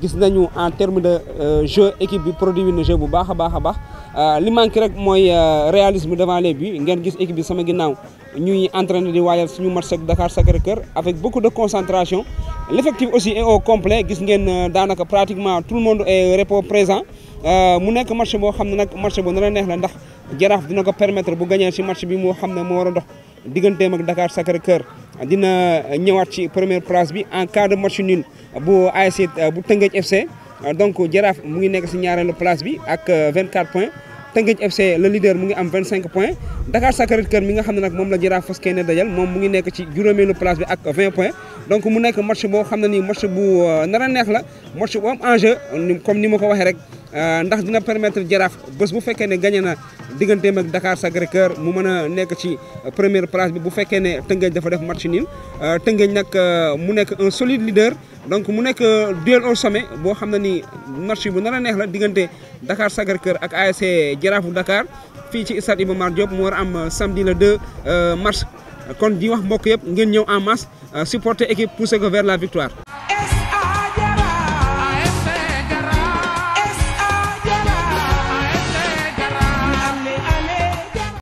gis nañu en terme de euh, jeu équipe bi produit na jeu bu baax a baax a baax euh, li manque rek mooy euh, réalisme devant les buts ngeen gis équipe bi sama ginnaaw ñuy entraîné di waajal suñu match ak Dakar Sacré-Cœur avec beaucoup de concentration l'effectif aussi est au complet gis ngeen daanaka pratiquement tout le monde est repos présent mu nekk match boo xam ne nag match bu nar neex la ndax Jaraaf dina ko permettre bu gagné ce match bi moo xam ne moo war a dox digganteem ak Dakar Sacré-Cœur dina ñëwaat ci première place bi en cas de match nul bu ASC bu Tëngéej FC donc giraffe mu ngi nekk ci ñaareelu place bi ak 24 euh, points Tëngéej FC le leader mu ngi am 25 points Dakar Sacré-Cœur mi nga xam nak mom la Jaraaf fas dajal mom mu ngi nekk ci juróomeelu place bi ak 20 points donc mu nekk match bo xam ni match bu euh, nara neex la match bu am enjeu comme ni ma ko rek. Euh, ndax dina permettre jaraaf bés bu fekkee ne gagné na digganteem ak Dakar Sacré-Cœur mu mën a nekk ci première place bi bu fekkee ne Tëngéej dafa def match nul euh, Tëngéej nag euh, mu nekk un solide leader donc mu nekk duel au sommet boo xam ne ni match bu nar a neex la diggante dakaar Sacré-Cœur ak ASC Jaraafu Dakar fii ci stade Iba Mar Diop mu war a am samedi le 2 kon di wax mbokk yëpp ngeen ñëw en masse supporter équipe pousser ko vers la victoire.